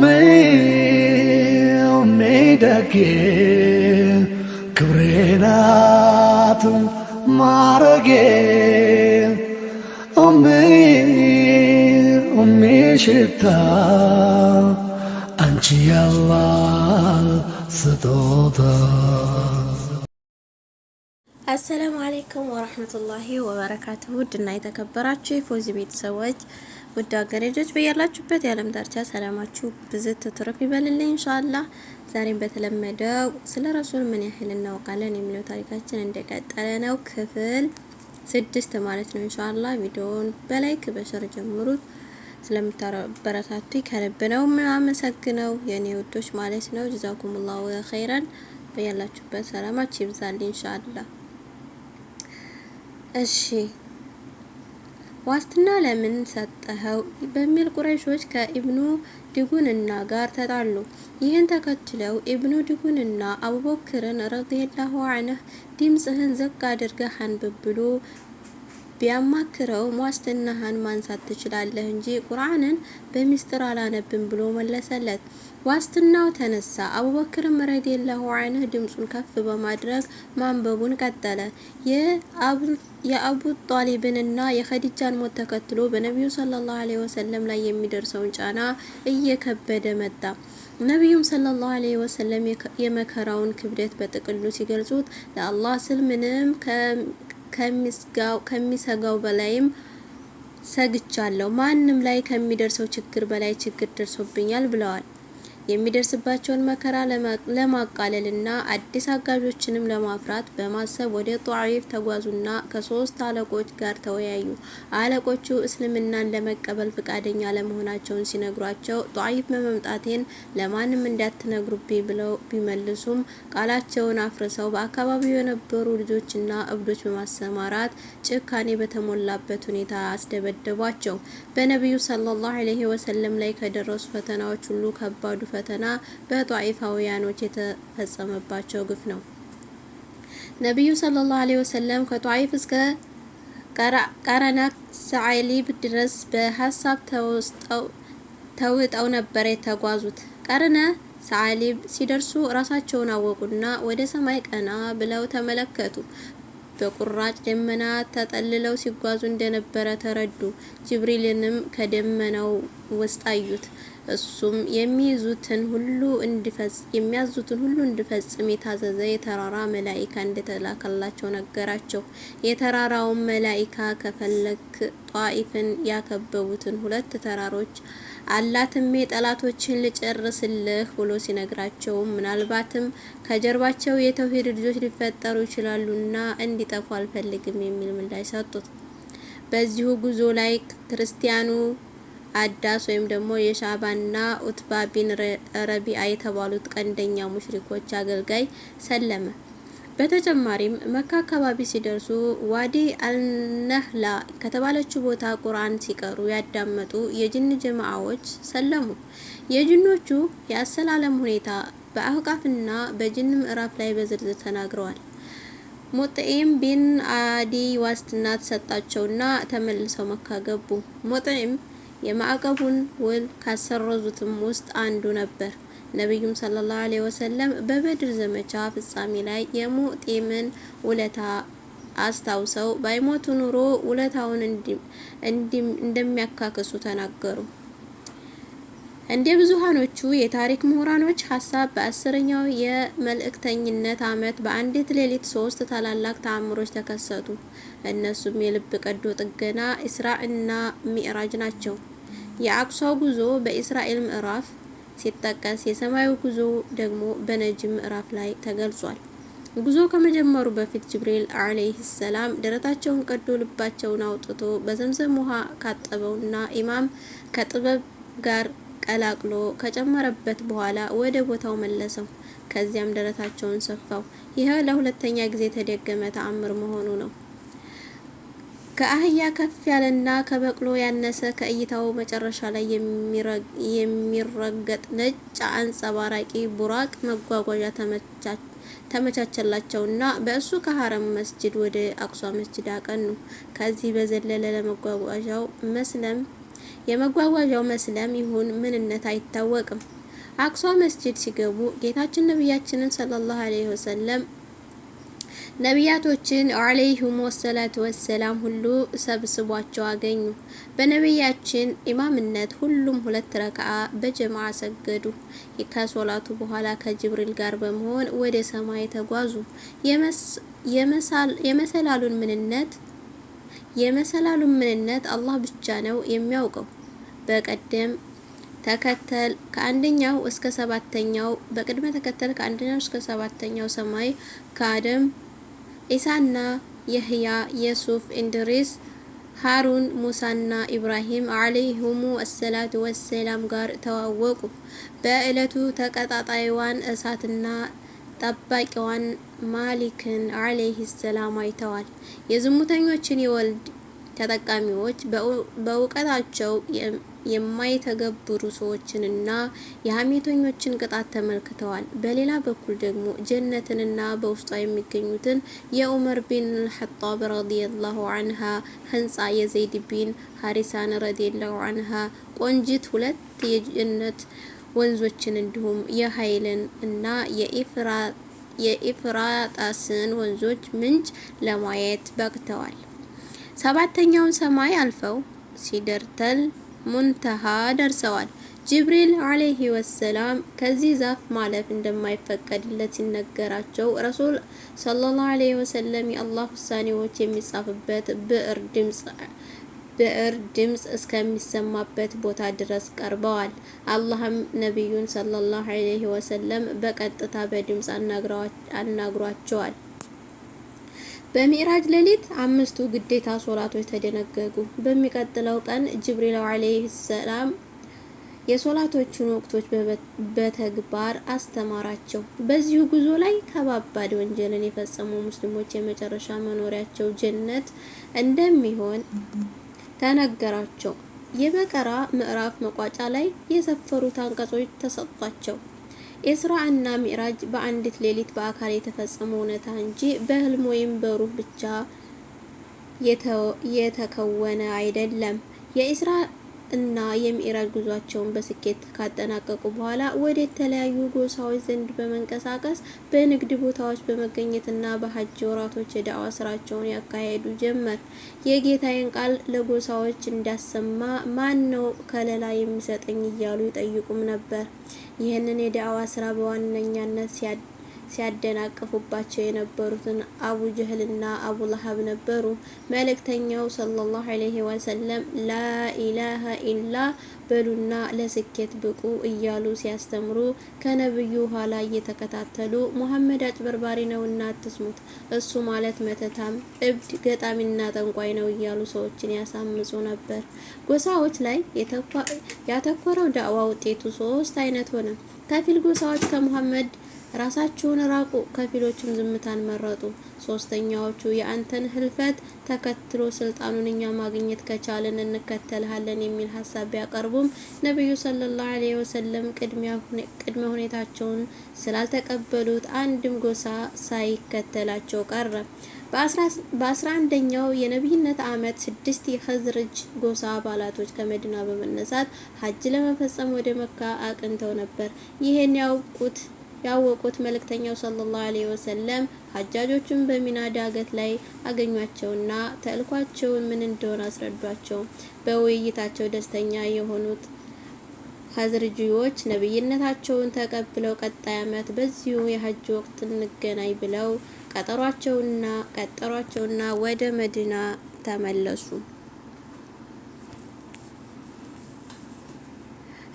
ሜሜደጌ ክብሬናት ማረጌ ሽታ አንቺ ያላህ ስጦታ። አሰላሙ አሌይኩም ወረህመቱላሂ ወበረካቱሁ ውድና የተከበራችሁ የፎዚ ቤተሰቦች ውድ ሀገሬ ልጆች በያላችሁበት የዓለም ዳርቻ ሰላማችሁ ብዝት ትትርፍ ይበልልኝ። ኢንሻአላህ ዛሬም በተለመደው ስለ ረሱል ምን ያህል እናውቃለን የሚለው ታሪካችን እንደቀጠለ ነው። ክፍል ስድስት ማለት ነው። ኢንሻአላህ ቪዲዮውን በላይክ በሸር ጀምሩት። ስለምታበረታቱ ከልብ ነው አመሰግነው የእኔ ውዶች ማለት ነው። ጀዛኩሙላሁ ኸይረን። በያላችሁበት ሰላማችሁ ይብዛል ኢንሻአላህ። እሺ ዋስትና ለምን ሰጠኸው በሚል ቁረይሾች ከኢብኑ ድጉንና ጋር ተጣሉ። ይህን ተከትለው ኢብኑ ድጉንና አቡበክርን ረዲየላሁ ዐንህ ድምፅህን ዝቅ አድርገህ አንብብ ብሎ ቢያማክረውም ዋስትናህን ማንሳት ትችላለህ እንጂ ቁርአንን በሚስጥር አላነብም ብሎ መለሰለት። ዋስትናው ተነሳ። አቡበክርም ረዲየላሁ ዐንሁ ድምፁን ከፍ በማድረግ ማንበቡን ቀጠለ። የአቡ ጣሊብንና የኸዲጃን ሞት ተከትሎ በነቢዩ ሰለላሁ ዐለይሂ ወሰለም ላይ የሚደርሰውን ጫና እየከበደ መጣ። ነቢዩም ሰለላሁ ዐለይሂ ወሰለም የመከራውን ክብደት በጥቅሉ ሲገልጹት ለአላህ ስል ምንም ከሚሰጋው በላይም ሰግቻለሁ። ማንም ላይ ከሚደርሰው ችግር በላይ ችግር ደርሶብኛል ብለዋል። የሚደርስባቸውን መከራ ለማቃለልና አዲስ አጋዦችንም ለማፍራት በማሰብ ወደ ጧይፍ ተጓዙና ከሶስት አለቆች ጋር ተወያዩ። አለቆቹ እስልምናን ለመቀበል ፈቃደኛ ለመሆናቸውን ሲነግሯቸው ጧይፍ መመምጣቴን ለማንም እንዳትነግሩብኝ ብለው ቢመልሱም ቃላቸውን አፍርሰው በአካባቢው የነበሩ ልጆችና እብዶች በማሰማራት ጭካኔ በተሞላበት ሁኔታ አስደበደቧቸው። በነቢዩ ሰለላሁ ዐለይሂ ወሰለም ላይ ከደረሱ ፈተናዎች ሁሉ ከባዱ ፈተና በጧኢፋውያኖች የተፈጸመባቸው ግፍ ነው። ነቢዩ ሰለላሁ ዐለይሂ ወሰለም ከጧኢፍ እስከ ቀረናክ ሰዓሊብ ድረስ በሀሳብ ተውጠው ነበር የተጓዙት። ቀረና ሰዓሊብ ሲደርሱ ራሳቸውን አወቁና ወደ ሰማይ ቀና ብለው ተመለከቱ። በቁራጭ ደመና ተጠልለው ሲጓዙ እንደነበረ ተረዱ። ጅብሪልንም ከደመናው ውስጥ አዩት። እሱም የሚይዙትን ሁሉ እንዲፈጽም የሚያዙትን ሁሉ እንዲፈጽም የታዘዘ የተራራ መላኢካ እንደተላከላቸው ነገራቸው። የተራራውን መላኢካ ከፈለክ ጧኢፍን ያከበቡትን ሁለት ተራሮች አላትም ጠላቶችን ልጨርስልህ ብሎ ሲነግራቸው ምናልባትም ከጀርባቸው የተውሂድ ልጆች ሊፈጠሩ ይችላሉና እንዲጠፉ አልፈልግም የሚል ምላሽ ሰጡት። በዚሁ ጉዞ ላይ ክርስቲያኑ አዳስ ወይም ደግሞ የሻባና ኡትባ ቢን ረቢአ የተባሉት ቀንደኛ ሙሽሪኮች አገልጋይ ሰለመ። በተጨማሪም መካ አካባቢ ሲደርሱ ዋዲ አልነህላ ከተባለችው ቦታ ቁርአን ሲቀሩ ያዳመጡ የጅን ጀማዓዎች ሰለሙ። የጅኖቹ የአሰላለም ሁኔታ በአህቃፍና በጅን ምዕራፍ ላይ በዝርዝር ተናግረዋል። ሞጥዒም ቢን አዲ ዋስትና ተሰጣቸውና ተመልሰው መካ ገቡ። ሞጥዒም የማዕቀቡን ውል ካሰረዙትም ውስጥ አንዱ ነበር። ነቢዩም ሰለላሁ ዐለይሂ ወሰለም በበድር ዘመቻ ፍጻሜ ላይ የሙጢምን ውለታ አስታውሰው ባይሞቱ ኑሮ ውለታውን እንደሚያካክሱ ተናገሩ። እንደ ብዙሃኖቹ የታሪክ ምሁራኖች ሀሳብ በአስረኛው የመልእክተኝነት ዓመት በአንዲት ሌሊት ሶስት ታላላቅ ተአምሮች ተከሰቱ። እነሱም የልብ ቀዶ ጥገና፣ ኢስራ እና ሚዕራጅ ናቸው። የአቅሷው ጉዞ በኢስራኤል ምዕራፍ ሲጠቀስ የሰማዩ ጉዞ ደግሞ በነጅም ምዕራፍ ላይ ተገልጿል። ጉዞ ከመጀመሩ በፊት ጅብሪል አለይሂ ሰላም ደረታቸውን ቀዶ ልባቸውን አውጥቶ በዘምዘም ውሃ ካጠበውና ኢማም ከጥበብ ጋር ቀላቅሎ ከጨመረበት በኋላ ወደ ቦታው መለሰው። ከዚያም ደረታቸውን ሰፋው። ይህ ለሁለተኛ ጊዜ የተደገመ ተአምር መሆኑ ነው። ከአህያ ከፍ ያለና ከበቅሎ ያነሰ ከእይታው መጨረሻ ላይ የሚረገጥ ነጭ አንጸባራቂ ቡራቅ መጓጓዣ ተመቻቸላቸውና በእሱ ከሀረም መስጅድ ወደ አቅሷ መስጅድ አቀኑ። ከዚህ በዘለለ ለመጓጓዣው መስለም የመጓጓዣው መስለም ይሁን ምንነት አይታወቅም። አቅሷ መስጅድ ሲገቡ ጌታችን ነቢያችንን ሰለላሁ ዐለይሂ ወሰለም ነቢያቶችን አለይሁም ወሰላት ወሰላም ሁሉ ሰብስቧቸው አገኙ። በነቢያችን ኢማምነት ሁሉም ሁለት ረክዓ በጀማ ሰገዱ። ከሶላቱ በኋላ ከጅብሪል ጋር በመሆን ወደ ሰማይ ተጓዙ። የመሰላሉን ምንነት የመሰላሉን ምንነት አላህ ብቻ ነው የሚያውቀው። በቀደም ተከተል ከአንደኛው እስከ ሰባተኛው በቅድመ ተከተል ከአንደኛው እስከ ሰባተኛው ሰማይ ከአደም ኢሳና የህያ የሱፍ እንድሪስ ሃሩን ሙሳና ኢብራሂም አለይሁሙ አሰላቱ ወሰላም ጋር ተዋወቁ። በዕለቱ ተቀጣጣይዋን እሳትና ጠባቂዋን ማሊክን አለይሂ ሰላም አይተዋል። የዝሙተኞችን የወልድ ተጠቃሚዎች በእውቀታቸው የማይተገብሩ ሰዎችንና የሀሜተኞችን ቅጣት ተመልክተዋል። በሌላ በኩል ደግሞ ጀነትንና በውስጧ የሚገኙትን የኡመር ቢን አልሐጣብ ረዲየላሁ አንሃ ህንጻ የዘይድ ቢን ሀሪሳን ረዲየላሁ አንሃ ቆንጂት ሁለት የጀነት ወንዞችን እንዲሁም የሀይልን እና የኢፍራጣስን ወንዞች ምንጭ ለማየት በቅተዋል። ሰባተኛውን ሰማይ አልፈው ሲደርተል ሙንተሃ ደርሰዋል። ጅብሪል አለይሂ ወሰላም ከዚህ ዛፍ ማለፍ እንደማይፈቀድለት ሲነገራቸው ረሱል ሰለላሁ አለይሂ ወሰለም የአላህ ውሳኔዎች የሚጻፍበት ብዕር ድምጽ ብዕር ድምጽ እስከሚሰማበት ቦታ ድረስ ቀርበዋል። አላህም ነቢዩን ሰለላሁ አለይሂ ወሰለም በቀጥታ በድምጽ አናግሯቸዋል። በሚዕራጅ ሌሊት አምስቱ ግዴታ ሶላቶች ተደነገጉ። በሚቀጥለው ቀን ጅብሪል አለይሂ ሰላም የሶላቶቹን ወቅቶች በተግባር አስተማራቸው። በዚሁ ጉዞ ላይ ከባባድ ወንጀልን የፈጸሙ ሙስሊሞች የመጨረሻ መኖሪያቸው ጀነት እንደሚሆን ተነገራቸው። የበቀራ ምዕራፍ መቋጫ ላይ የሰፈሩት አንቀጾች ተሰጧቸው። ኢስራ እና ሚራጅ በአንዲት ሌሊት በአካል የተፈጸመ እውነታ እንጂ በህልም ወይም በሩህ ብቻ የተከወነ አይደለም። የኢስራ እና የሚዕራጅ ጉዟቸውን በስኬት ካጠናቀቁ በኋላ ወደ የተለያዩ ጎሳዎች ዘንድ በመንቀሳቀስ በንግድ ቦታዎች በመገኘትና በሀጅ ወራቶች የዳዋ ስራቸውን ያካሄዱ ጀመር። የጌታዬን ቃል ለጎሳዎች እንዳሰማ ማን ነው ከለላ የሚሰጠኝ እያሉ ይጠይቁም ነበር። ይህንን የዳዋ ስራ በዋነኛነት ሲያ ሲያደናቅፉባቸው የነበሩትን አቡ ጀህልና አቡ ለሀብ ነበሩ። መልእክተኛው ሰለላሁ ዐለይሂ ወሰለም ላኢላሀ ኢላ በሉና ለስኬት ብቁ እያሉ ሲያስተምሩ ከነብዩ ኋላ እየተከታተሉ ሙሐመድ አጭበርባሪ ነውና አትስሙት፣ እሱ ማለት መተታም፣ እብድ፣ ገጣሚና ጠንቋይ ነው እያሉ ሰዎችን ያሳምጹ ነበር። ጎሳዎች ላይ ያተኮረው ዳዕዋ ውጤቱ ሶስት አይነት ሆነ። ከፊል ጎሳዎች ከሙሐመድ ራሳችሁን ራቁ፣ ከፊሎችም ዝምታን መረጡ። ሶስተኛዎቹ የአንተን ህልፈት ተከትሎ ስልጣኑን እኛ ማግኘት ከቻለን እንከተልሃለን የሚል ሀሳብ ቢያቀርቡም ነቢዩ ሰለላሁ ዐለይሂ ወሰለም ቅድመ ሁኔታቸውን ስላልተቀበሉት አንድም ጎሳ ሳይከተላቸው ቀረ። በአስራ አንደኛው የነቢይነት ዓመት ስድስት የኸዝርጅ ጎሳ አባላቶች ከመዲና በመነሳት ሀጅ ለመፈጸም ወደ መካ አቅንተው ነበር። ይህን ያውቁት ያወቁት መልእክተኛው ሰለላሁ ዐለይሂ ወሰለም ሀጃጆቹን በሚና ዳገት ላይ አገኟቸውና ተልኳቸውን ምን እንደሆነ አስረዷቸው። በውይይታቸው ደስተኛ የሆኑት ሀዝርጂዎች ነብይነታቸውን ተቀብለው ቀጣይ አመት በዚሁ የሀጅ ወቅት እንገናኝ ብለው ቀጠሯቸውና ቀጠሯቸውና ወደ መዲና ተመለሱ።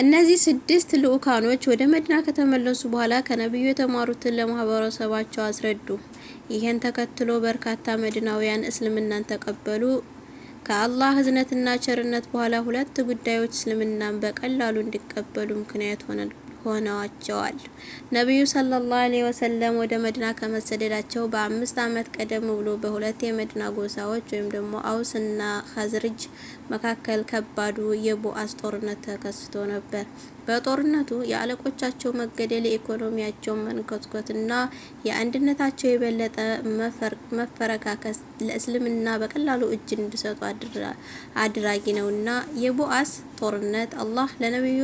እነዚህ ስድስት ልዑካኖች ወደ መዲና ከተመለሱ በኋላ ከነቢዩ የተማሩትን ለማህበረሰባቸው አስረዱ። ይህን ተከትሎ በርካታ መዲናውያን እስልምናን ተቀበሉ። ከአላህ ህዝነትና ቸርነት በኋላ ሁለት ጉዳዮች እስልምናን በቀላሉ እንዲቀበሉ ምክንያት ሆነል። ሆነዋቸዋል። ነቢዩ ሰለላሁ ዐለይሂ ወሰለም ወደ መድና ከመሰደዳቸው በአምስት ዓመት ቀደም ብሎ በሁለት የመድና ጎሳዎች ወይም ደግሞ አውስና ኸዝርጅ መካከል ከባዱ የቦአስ ጦርነት ተከስቶ ነበር። በጦርነቱ የአለቆቻቸው መገደል፣ የኢኮኖሚያቸው መንኮትኮትና የአንድነታቸው የበለጠ መፈረካከስ ለእስልምና በቀላሉ እጅ እንዲሰጡ አድራጊ ነውና የቦአስ ጦርነት አላህ ለነቢዩ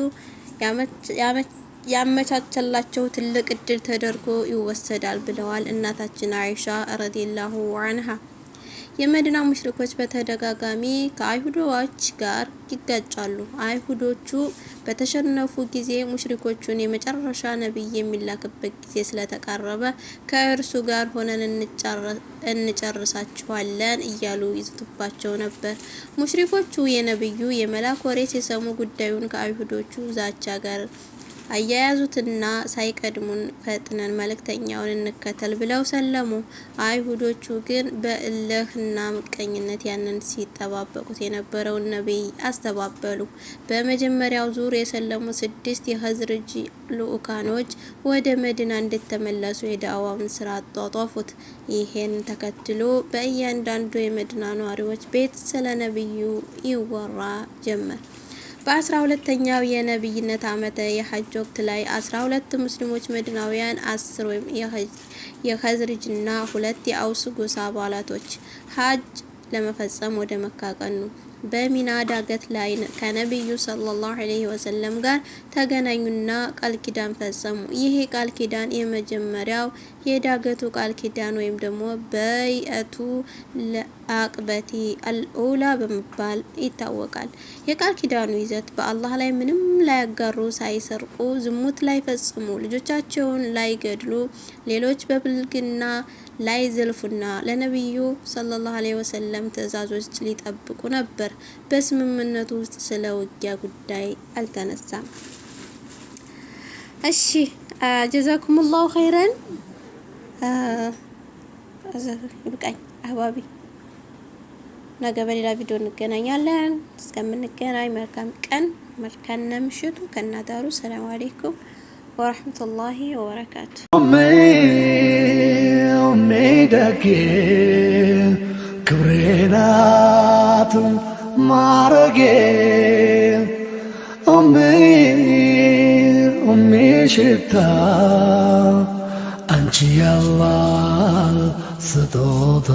ያመች ያመቻቸላቸው ትልቅ እድል ተደርጎ ይወሰዳል ብለዋል እናታችን አይሻ ረዲላሁ አንሃ። የመዲና ሙሽሪኮች በተደጋጋሚ ከአይሁዶች ጋር ይጋጫሉ። አይሁዶቹ በተሸነፉ ጊዜ ሙሽሪኮቹን የመጨረሻ ነቢይ የሚላክበት ጊዜ ስለተቃረበ ከእርሱ ጋር ሆነን እንጨርሳችኋለን እያሉ ይዝቱባቸው ነበር። ሙሽሪኮቹ የነቢዩ የመላክ ወሬ ሲሰሙ ጉዳዩን ከአይሁዶቹ ዛቻ ጋር አያያዙትና ሳይቀድሙን ፈጥነን መልእክተኛውን እንከተል ብለው ሰለሙ። አይሁዶቹ ግን በእልህና ምቀኝነት ያንን ሲጠባበቁት የነበረውን ነቢይ አስተባበሉ። በመጀመሪያው ዙር የሰለሙ ስድስት የኸዝርጅ ልኡካኖች ወደ መዲና እንድተመለሱ የዳዕዋውን ስራ አጧጧፉት። ይሄን ተከትሎ በእያንዳንዱ የመዲና ነዋሪዎች ቤት ስለ ነቢዩ ይወራ ጀመር። በአስራ ሁለተኛው የነቢይነት አመተ የሀጅ ወቅት ላይ አስራ ሁለት ሙስሊሞች መድናውያን አስር ወይም የኸዝርጅና ሁለት የአውስ ጎሳ አባላቶች ሀጅ ለመፈጸም ወደ መካ ቀኑ። በሚና ዳገት ላይ ከነቢዩ ሰለላሁ ዐለይሂ ወሰለም ጋር ተገናኙና ቃል ኪዳን ፈጸሙ። ይሄ ቃል ኪዳን የመጀመሪያው የዳገቱ ቃል ኪዳን ወይም ደግሞ በይአቱ አቅበቲ አልኡላ በመባል ይታወቃል። የቃል ኪዳኑ ይዘት በአላህ ላይ ምንም ላያጋሩ፣ ሳይሰርቁ፣ ዝሙት ላይ ፈጽሙ፣ ልጆቻቸውን ላይ ገድሉ፣ ሌሎች በብልግና ላይ ዘልፉና ለነቢዩ ሰለላሁ ዐለይሂ ወሰለም ትዕዛዞች ሊጠብቁ ነበር። በስምምነቱ ውስጥ ስለ ውጊያ ጉዳይ አልተነሳም። እሺ፣ ጀዛኩሙላሁ ኸይረን። ይብቃኝ አህባቢ። ነገ በሌላ ቪዲዮ እንገናኛለን። እስከምንገናኝ መልካም ቀን፣ መልካም ምሽቱ ከናዳሩ። ሰላም አለይኩም ወራህመቱላሂ ወበረካቱ። ደጌ ክብሬ ናት ማረጌ ኦሜ ኦሜ ሽታ አንቺ ያላህ ስጦታ